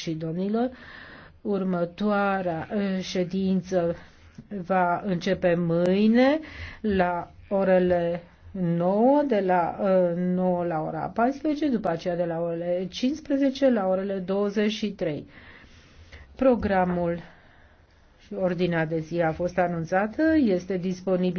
și domnilor, următoarea uh, ședință va începe mâine la orele 9, de la 9 uh, la ora 14, după aceea de la orele 15 la orele 23. Programul și ordinea de zi a fost anunțată, este disponibil